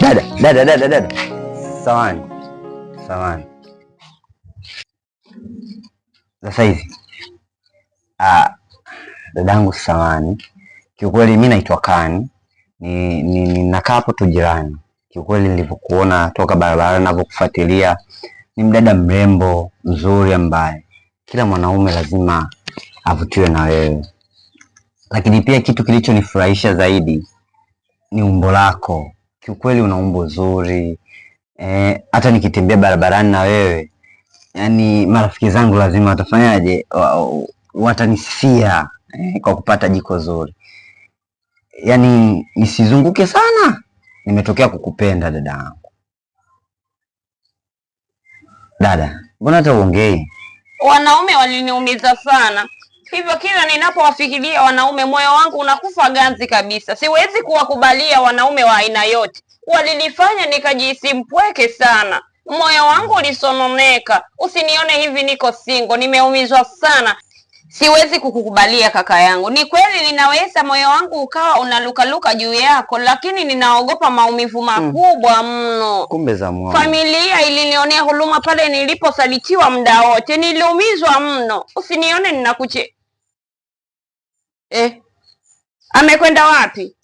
Dada, dada, dada, dada. Samahani. Samahani. Sasa hivi. Ah, dadangu samahani. Kiukweli mimi naitwa Kani. Ni, ni, ni nakaa hapo tu jirani. Kiukweli nilivyokuona toka barabara navyokufuatilia ni mdada mrembo mzuri ambaye kila mwanaume lazima avutiwe na wewe. Lakini pia kitu kilichonifurahisha zaidi ni umbo lako kiukweli una umbo zuri eh, hata e, nikitembea barabarani na wewe yani marafiki zangu lazima watafanyaje, watanisifia e, eh, kwa kupata jiko zuri. Yani nisizunguke sana, nimetokea kukupenda dada yangu. Dada, mbona hata uongei? Wanaume waliniumiza sana Hivyo kila ninapowafikiria wanaume moyo wangu unakufa ganzi kabisa. Siwezi kuwakubalia wanaume wa aina yote, walinifanya nikajihisi mpweke sana. Moyo wangu ulisononeka. Usinione hivi, niko singo, nimeumizwa sana. Siwezi kukukubalia kaka yangu. Ni kweli ninaweza moyo wangu ukawa unalukaluka juu yako, lakini ninaogopa maumivu mm. makubwa mno. Kumbe za familia ilinionea huruma pale niliposalitiwa muda wote, niliumizwa mno. Usinione ninakuche eh, amekwenda wapi?